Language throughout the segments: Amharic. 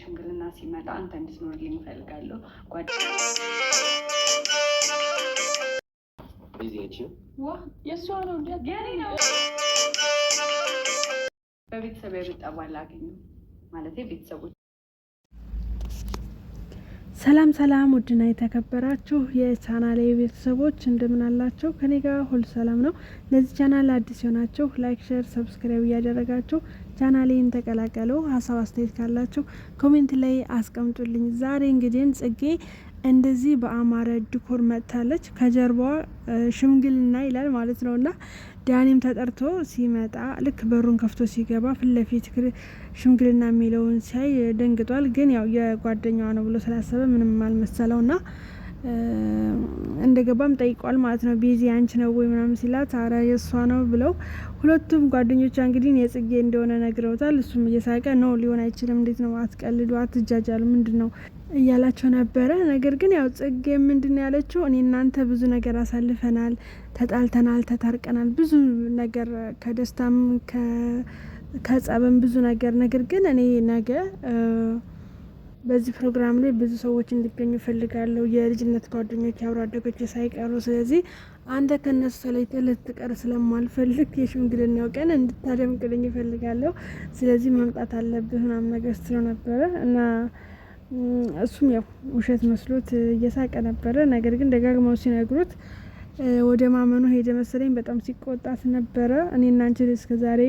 ሽምግልና ሲመጣ አንተ እንድትኖርልኝ እፈልጋለሁ። በቤተሰብ የመጣ ባል አገኘሁ ቤተሰቦች ሰላም ሰላም፣ ውድና የተከበራችሁ የቻናሌ ቤተሰቦች እንደምን አላችሁ? ከኔ ጋር ሁሉ ሰላም ነው። ለዚህ ቻናል አዲስ የሆናችሁ ላይክ፣ ሼር፣ ሰብስክራይብ እያደረጋችሁ ቻናሌን ተቀላቀሉ። ሀሳብ አስተያየት ካላችሁ ኮሜንት ላይ አስቀምጡልኝ። ዛሬ እንግዲህን ጽጌ እንደዚህ በአማረ ድኮር መጥታለች። ከጀርባዋ ሽምግልና ይላል ማለት ነው እና ዳኒም ተጠርቶ ሲመጣ ልክ በሩን ከፍቶ ሲገባ ፊት ለፊት ሽምግልና የሚለውን ሲያይ ደንግጧል። ግን ያው የጓደኛዋ ነው ብሎ ስላሰበ ምንም አልመሰለው ና እንደገባም ጠይቋል ማለት ነው። ቤዚ አንቺ ነው ወይ ምናምን ሲላት አረ የእሷ ነው ብለው ሁለቱም ጓደኞቿ እንግዲህ የጽጌ እንደሆነ ነግረውታል። እሱም እየሳቀ ነው ሊሆን አይችልም፣ እንዴት ነው አትቀልዱ፣ አትጃጃሉ ምንድን ነው እያላቸው ነበረ። ነገር ግን ያው ጽጌ ምንድን ነው ያለችው? እኔ እናንተ ብዙ ነገር አሳልፈናል፣ ተጣልተናል፣ ተታርቀናል፣ ብዙ ነገር ከደስታም ከጸብም ብዙ ነገር። ነገር ግን እኔ ነገ በዚህ ፕሮግራም ላይ ብዙ ሰዎች እንዲገኙ ፈልጋለሁ የልጅነት ጓደኞች፣ አብሮ አደጎች ሳይቀሩ። ስለዚህ አንተ ከእነሱ ተለይተህ ልትቀር ስለማልፈልግ የሽምግልናው ቀን እንድታደምቅልኝ ይፈልጋለሁ። ስለዚህ መምጣት አለብህ ምናምን ነገር ስለው ነበረ እና እሱም ያው ውሸት መስሎት እየሳቀ ነበረ። ነገር ግን ደጋግመው ሲነግሩት ወደ ማመኑ ሄደ መሰለኝ። በጣም ሲቆጣት ነበረ። እኔ አንቺ እስከ ዛሬ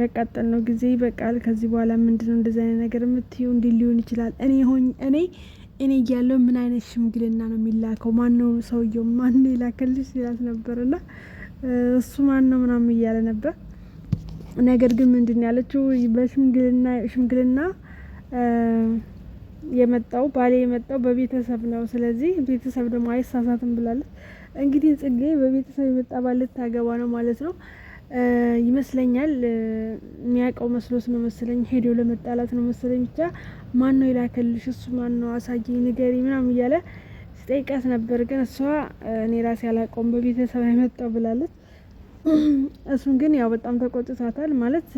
ያቃጠል ነው ጊዜ ይበቃል። ከዚህ በኋላ ምንድን ነው እንደዚህ አይነት ነገር የምትዩ? እንዲ ሊሆን ይችላል። እኔ ሆኝ እኔ እኔ እያለው ምን አይነት ሽምግልና ነው የሚላከው? ማን ነው ሰውየው? ማን የላከልሽ ይላት ነበር። ና እሱ ማን ነው ምናምን እያለ ነበር። ነገር ግን ምንድን ያለችው በሽምግልና ሽምግልና የመጣው ባሌ የመጣው በቤተሰብ ነው፣ ስለዚህ ቤተሰብ ደግሞ አይሳሳትም ብላለች። እንግዲህ ጽጌ በቤተሰብ የመጣ ባል ልታገባ ነው ማለት ነው ይመስለኛል። የሚያውቀው መስሎት ነው መሰለኝ፣ ሄዶ ለመጣላት ነው መሰለኝ። ብቻ ማን ነው የላከልሽ? እሱ ማን ነው? አሳጊ ንገሪ ምናምን እያለ ስጠይቃት ነበር። ግን እሷ እኔ ራሴ አላውቀውም በቤተሰብ የመጣው ብላለች። እሱን ግን ያው በጣም ተቆጥቷታል። ማለት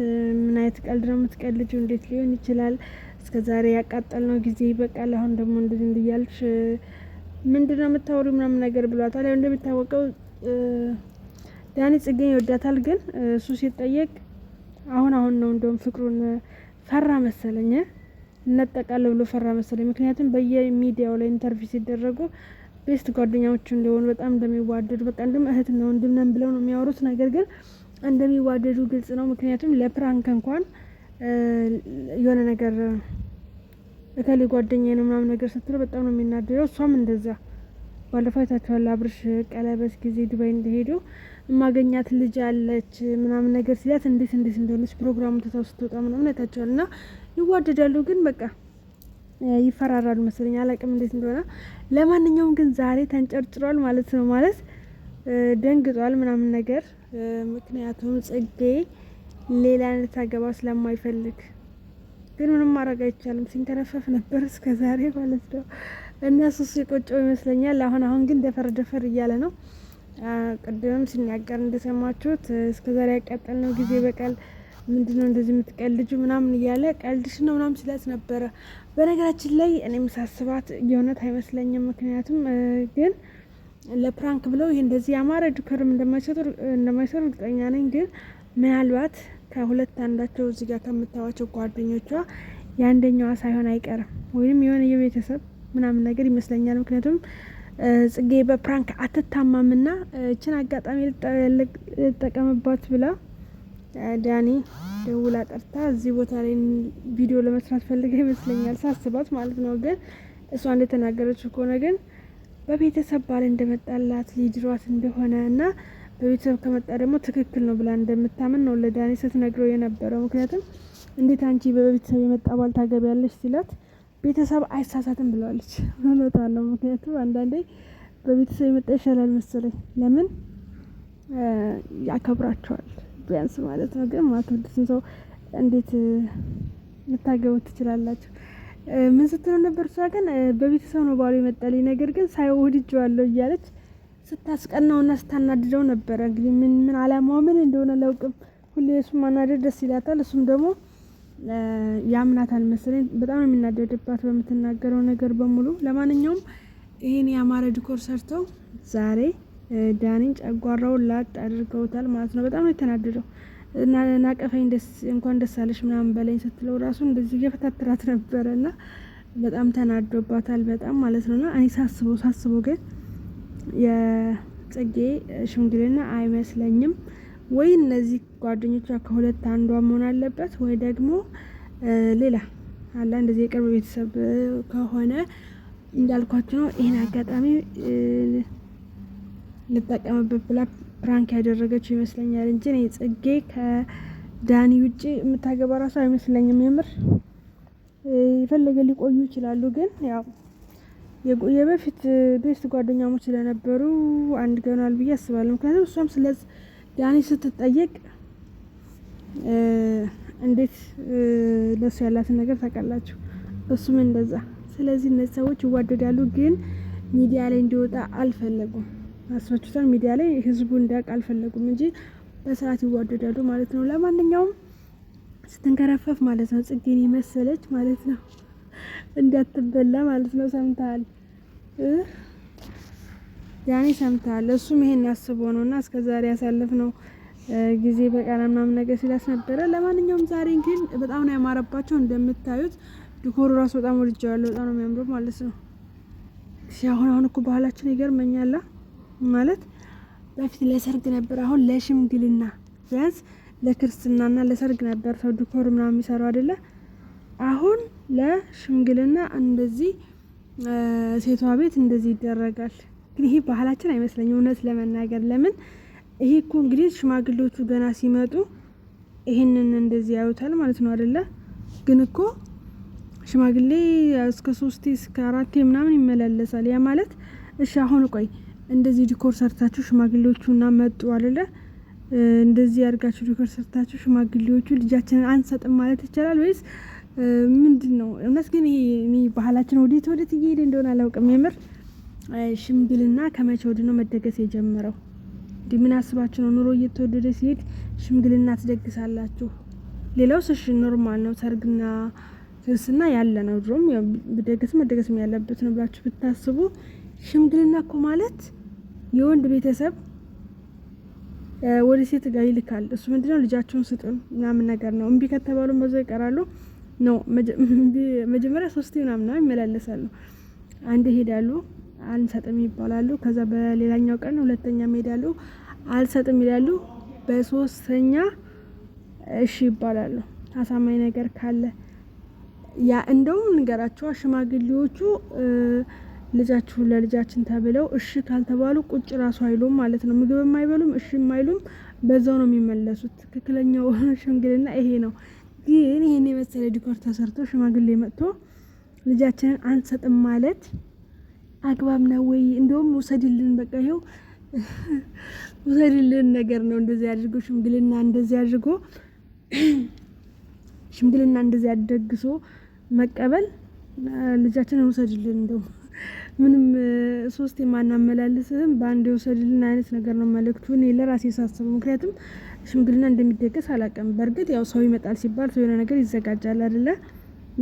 ምን አይነት ቀልድ ነው የምትቀልጁ? እንዴት ሊሆን ይችላል? እስከ ዛሬ ያቃጠልነው ጊዜ ይበቃል። አሁን ደግሞ እንደዚህ እንድያልሽ ምንድን ነው የምታወሩ ምናምን ነገር ብሏታል። ያው እንደሚታወቀው ዳኒ ጽጌን ይወዳታል፣ ግን እሱ ሲጠየቅ አሁን አሁን ነው እንደውም ፍቅሩን ፈራ መሰለኝ እነጠቃለሁ ብሎ ፈራ መሰለኝ። ምክንያቱም በየሚዲያው ላይ ኢንተርቪው ሲደረጉ ቤስት ጓደኛዎቹ እንደሆኑ በጣም እንደሚዋደዱ በቃ እንደም እህት ነው እንድምነን ብለው ነው የሚያወሩት። ነገር ግን እንደሚዋደዱ ግልጽ ነው። ምክንያቱም ለፕራንክ እንኳን የሆነ ነገር እከሌ ጓደኛ ነው ምናምን ነገር ስትለው በጣም ነው የሚናደደው። እሷም እንደዛ ባለፈው አይታችኋል። አብርሽ ቀለበት ጊዜ ዱባይ እንደሄዱ እማገኛት ልጅ አለች ምናምን ነገር ሲላት እንዴት እንዴት እንደሆነች ፕሮግራሙ ትታው ስትወጣ ምናምን አይታችኋል። እና ይዋደዳሉ፣ ግን በቃ ይፈራራሉ መሰለኝ፣ አላቅም እንዴት እንደሆነ። ለማንኛውም ግን ዛሬ ተንጨርጭሯል ማለት ነው ማለት ደንግጧል ምናምን ነገር ምክንያቱም ጽጌ ሌላ አይነት አገባ ስለማይፈልግ ግን ምንም ማድረግ አይቻልም። ሲንተረፈፍ ነበር እስከ ዛሬ ማለት ነው። እና ሱሱ ይመስለኛል። አሁን አሁን ግን ደፈር ደፈር እያለ ነው። ቅድምም ሲናገር እንደሰማችሁት እስከ ዛሬ ያቃጠልነው ጊዜ በቀል ምንድን ነው እንደዚህ የምትቀልጁ ምናምን እያለ ቀልድሽ ነው ምናምን ሲላት ነበረ። በነገራችን ላይ እኔ ሳስባት የእውነት አይመስለኝም። ምክንያቱም ግን ለፕራንክ ብለው ይህ እንደዚህ ያማረ ዱከርም እንደማይሰሩ እርግጠኛ ነኝ። ግን ምናልባት ከሁለት አንዳቸው እዚህ ጋር ከምታዋቸው ጓደኞቿ የአንደኛዋ ሳይሆን አይቀርም ወይም የሆነ የቤተሰብ ምናምን ነገር ይመስለኛል። ምክንያቱም ጽጌ በፕራንክ አትታማም ና እችን አጋጣሚ ልጠቀምባት ብላ ዳኒ ደውላ ጠርታ እዚህ ቦታ ላይ ቪዲዮ ለመስራት ፈልገ ይመስለኛል ሳስባት ማለት ነው። ግን እሷ እንደተናገረችው ከሆነ ግን በቤተሰብ ባል እንደመጣላት ሊድሯት እንደሆነ እና በቤተሰብ ከመጣ ደግሞ ትክክል ነው ብላ እንደምታምን ነው ለዳኒ ስትነግረው የነበረው። ምክንያቱም እንዴት አንቺ በቤተሰብ የመጣ ባል ታገቢያለሽ ሲላት ቤተሰብ አይሳሳትም ብለዋለች። እውነታ ነው። ምክንያቱም አንዳንዴ በቤተሰብ የመጣ ይሻላል መሰለኝ። ለምን ያከብራቸዋል ቢያንስ ማለት ነው። ግን ማትወዱትን ሰው እንዴት ልታገቡት ትችላላችሁ? ምን ስትለው ነበር እሷ ግን በቤተሰብ ነው ባሉ የመጣልኝ ነገር ግን ሳይወድጅ ዋለው እያለች ስታስቀናውና ስታናድደው ነበረ። እንግዲህ ምን ምን አላማው ምን እንደሆነ ለውቅም ሁሌ እሱ ማናደድ ደስ ይላታል። እሱም ደግሞ ያምናታል መሰለኝ። በጣም የሚናደድባት በምትናገረው ነገር በሙሉ። ለማንኛውም ይህን ያማረ ዲኮር ሰርተው ዛሬ ዳኒን ጨጓራውን ላጥ አድርገውታል ማለት ነው። በጣም ነው የተናደደው። ናቀፈኝ እንኳን ደስ አለሽ ምናምን በላይ ስትለው ራሱ እንደዚህ የፈታትራት ነበረ እና በጣም ተናዶባታል። በጣም ማለት ነውና እኔ ሳስበው ሳስበው ግን የጽጌ ሽምግልና አይመስለኝም። ወይ እነዚህ ጓደኞቿ ከሁለት አንዷ መሆን አለበት፣ ወይ ደግሞ ሌላ አለ። እንደዚህ የቅርብ ቤተሰብ ከሆነ እንዳልኳችሁ ነው። ይህን አጋጣሚ ልጠቀምበት ብላ ፕራንክ ያደረገችው ይመስለኛል እንጂ እኔ ጽጌ ከዳኒ ውጭ የምታገባ ራሱ አይመስለኝም። የምር የፈለገ ሊቆዩ ይችላሉ፣ ግን ያው የበፊት ቤስት ጓደኛሞች ስለነበሩ አንድ ገናል ብዬ አስባለሁ። ምክንያቱም እሷም ስለ ዳኒ ስትጠየቅ እንዴት ለሱ ያላትን ነገር ታውቃላችሁ፣ እሱም እንደዛ። ስለዚህ እነዚህ ሰዎች ይዋደዳሉ፣ ግን ሚዲያ ላይ እንዲወጣ አልፈለጉም። አስባችሁታል? ሚዲያ ላይ ህዝቡ እንዲያውቅ አልፈለጉም እንጂ በስርዓት ይዋደዳሉ ማለት ነው። ለማንኛውም ስትንከረፈፍ ማለት ነው ጽጌን የመሰለች ማለት ነው እንዳትበላ ማለት ነው። ሰምተሃል? ያኔ ሰምተሃል። እሱም ይሄን ያስበው ነው እና እስከ ዛሬ ያሳለፍነው ጊዜ በቀረ ምናምን ነገር ሲላስ ነበረ። ለማንኛውም ዛሬ ግን በጣም ነው ያማረባቸው እንደምታዩት። ዲኮሩ ራሱ በጣም ወድጀዋለሁ። በጣም ነው የሚያምሩ ማለት ነው። አሁን አሁን እኮ ባህላችን ይገርመኛል ማለት በፊት ለሰርግ ነበር፣ አሁን ለሽምግልና ቢያንስ ለክርስትናና ለሰርግ ነበር ሰው ዲኮር ምናምን የሚሰራው አይደለ? አሁን ለሽምግልና እንደዚህ ሴቷ ቤት እንደዚህ ይደረጋል። እንግዲህ ይሄ ባህላችን አይመስለኝም እውነት ለመናገር ለምን ይሄ እኮ እንግዲህ ሽማግሌዎቹ ገና ሲመጡ ይሄንን እንደዚህ ያዩታል ማለት ነው አይደለ? ግን እኮ ሽማግሌ እስከ ሶስቴ እስከ አራቴ ምናምን ይመላለሳል። ያ ማለት እሺ፣ አሁን ቆይ እንደዚህ ዲኮር ሰርታችሁ ሽማግሌዎቹ እና መጡ አይደለ? እንደዚህ ያርጋችሁ ዲኮር ሰርታችሁ ሽማግሌዎቹ ልጃችንን አንሰጥም ማለት ይቻላል ወይስ ምንድን ነው እውነት ግን ይሄ እኔ ባህላችን ወዴት ወዴት እየሄደ እንደሆነ አላውቅም። የምር ሽምግልና ከመቼ ወዲህ ነው መደገስ የጀመረው? እንዲህ ምን አስባችሁ ነው? ኑሮ እየተወደደ ሲሄድ ሽምግልና ትደግሳላችሁ? ሌላው ስሽ ኖርማል ነው ሰርግና ክርስትና ያለ ነው። ድሮም ብደገስ መደገስም ያለበት ነው ብላችሁ ብታስቡ ሽምግልና እኮ ማለት የወንድ ቤተሰብ ወደ ሴት ጋር ይልካል። እሱ ምንድነው ልጃችሁን ስጡን ምናምን ነገር ነው። እምቢ ከተባሉ በዛው ይቀራሉ። ነው መጀመሪያ ሶስቴ ምናምን ይመላለሳሉ። አንድ ይሄዳሉ አልሰጥም ይባላሉ። ከዛ በሌላኛው ቀን ሁለተኛ ይሄዳሉ አልሰጥም ይላሉ። በሶስተኛ እሺ ይባላሉ። አሳማኝ ነገር ካለ ያ እንደውም ንገራቸው። ሽማግሌዎቹ ልጃችሁ ለልጃችን ተብለው እሺ ካልተባሉ ቁጭ ራሱ አይሉም ማለት ነው። ምግብ የማይበሉም እሺ የማይሉም በዛው ነው የሚመለሱት። ትክክለኛው ሽምግልና ይሄ ነው። ግን ይሄን የመሰለ ዲኮር ተሰርቶ ሽማግሌ መጥቶ ልጃችንን አንሰጥም ማለት አግባብ ነው ወይ? እንደውም ውሰድልን፣ በቃ ይኸው ውሰድልን ነገር ነው። እንደዚህ አድርጎ ሽምግልና እንደዚህ አድርጎ ሽምግልና እንደዚህ አደግሶ መቀበል ልጃችንን ውሰድልን እንደው ምንም ሶስት የማናመላልስህም በአንድ የወሰድልን አይነት ነገር ነው መልእክቱ። እኔ ለራሴ ሳስበው፣ ምክንያቱም ሽምግልና እንደሚደገስ አላውቅም። በእርግጥ ያው ሰው ይመጣል ሲባል ሰው የሆነ ነገር ይዘጋጃል አይደለ?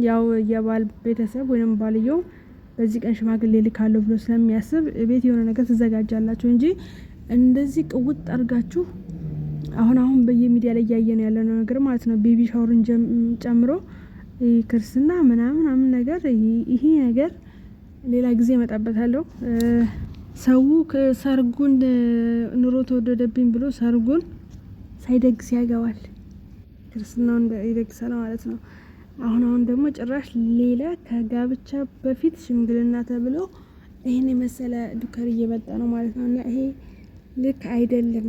ያው የባል ቤተሰብ ወይም ባልየው በዚህ ቀን ሽማግሌ ልካለሁ ብሎ ስለሚያስብ ቤት የሆነ ነገር ትዘጋጃላችሁ እንጂ እንደዚህ ቅውጥ አድርጋችሁ አሁን አሁን በየሚዲያ ላይ ያለ ነው ነገር ማለት ነው ቤቢ ሻወርን ጨምሮ ክርስትና ምናምን ምናምን ነገር ይሄ ነገር ሌላ ጊዜ እመጣበታለሁ። ሰው ሰርጉን ኑሮ ተወደደብኝ ብሎ ሰርጉን ሳይደግስ ያገባል፣ ክርስትናውን ይደግሳል ማለት ነው። አሁን አሁን ደግሞ ጭራሽ ሌላ ከጋብቻ በፊት ሽምግልና ተብሎ ይህን የመሰለ ዱከር እየመጣ ነው ማለት ነው። እና ይሄ ልክ አይደለም፣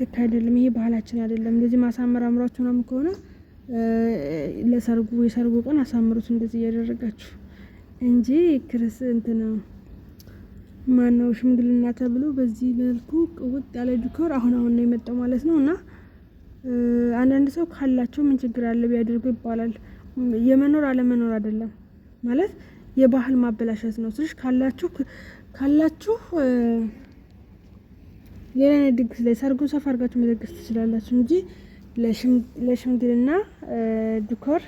ልክ አይደለም። ይሄ ባህላችን አይደለም። እንደዚህ ማሳመር አምሯችሁ ነው ከሆነ ለሰርጉ የሰርጉ ቀን አሳምሩት እንደዚህ እያደረጋችሁ እንጂ ክርስ እንትን ማነው ሽምግልና ተብሎ በዚህ መልኩ ቅውጥ ያለ ዲኮር አሁን አሁን ነው የመጣው ማለት ነው። እና አንዳንድ ሰው ካላቸው ምን ችግር አለ ቢያደርጉ ይባላል። የመኖር አለመኖር አይደለም ማለት የባህል ማበላሸት ነው ስልሽ ካላችሁ ካላችሁ ሌላ ድግስ ላይ ሰርጉን ሰፋ አድርጋችሁ መደገስ ትችላላችሁ እንጂ ለሽምግልና ዲኮር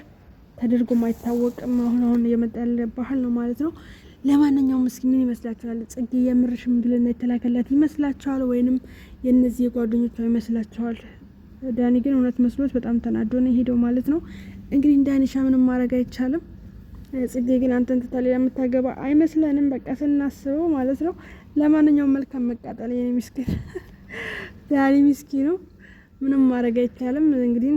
ተደርጎም አይታወቅም። አሁን አሁን እየመጣ ያለ ባህል ነው ማለት ነው። ለማንኛውም እስኪ ምን ይመስላችኋል? ጽጌ የምርሽ ሽምግልና የተላከላት ይመስላችኋል? ወይንም የእነዚህ የጓደኞቿ ይመስላችኋል? ዳኒ ግን እውነት መስሎት በጣም ተናዶ ነው የሄደው ማለት ነው። እንግዲህ እንዳይነሻ ምንም ማድረግ አይቻልም። ጽጌ ግን አንተን ትታ ሌላ የምታገባ አይመስለንም፣ በቃ ስናስበው ማለት ነው። ለማንኛውም መልካም መቃጠል የኔ ምስኪን ዳኒ ምስኪ ነው፣ ምንም ማድረግ አይቻልም እንግዲህ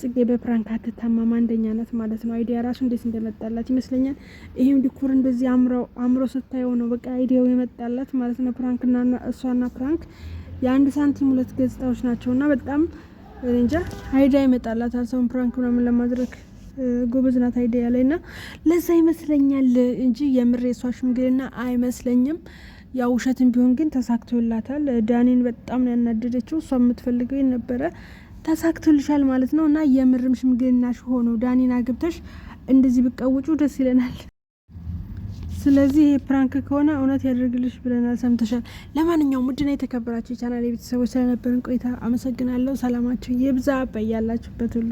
ጽጌ በፕራንክ አትታማም፣ አንደኛ ናት ማለት ነው። አይዲያ ራሱ እንዴት እንደመጣላት ይመስለኛል። ይሄም ዲኮር እንደዚህ አምሮ ስታየው ነው በቃ አይዲያው የመጣላት ማለት ነው። ፕራንክና እሷና ፕራንክ የአንድ ሳንቲም ሁለት ገጽታዎች ናቸውና በጣም እንጃ አይዲያ ይመጣላታል ሰውን ፕራንክ ምናምን ለማድረግ ጎበዝ ናት አይዲያ ላይ እና ለዛ ይመስለኛል እንጂ የምሬ እሷ ሽምግልና አይመስለኝም። ያ ውሸትም ቢሆን ግን ተሳክቶላታል። ዳኒን በጣም ነው ያናደደችው። እሷ የምትፈልገው ነበረ። ተሳክቶልሻል ማለት ነው እና የምርም ሽምግልናሽ ሆኖ ዳኒን አግብተሽ እንደዚህ ብቀውጩ ደስ ይለናል። ስለዚህ ይሄ ፕራንክ ከሆነ እውነት ያደርግልሽ ብለናል። ሰምተሻል። ለማንኛውም ውድና የተከበራቸው የቻናል የቤተሰቦች ስለነበርን ቆይታ አመሰግናለሁ። ሰላማቸው ይብዛ በያላችሁበት ሁሉ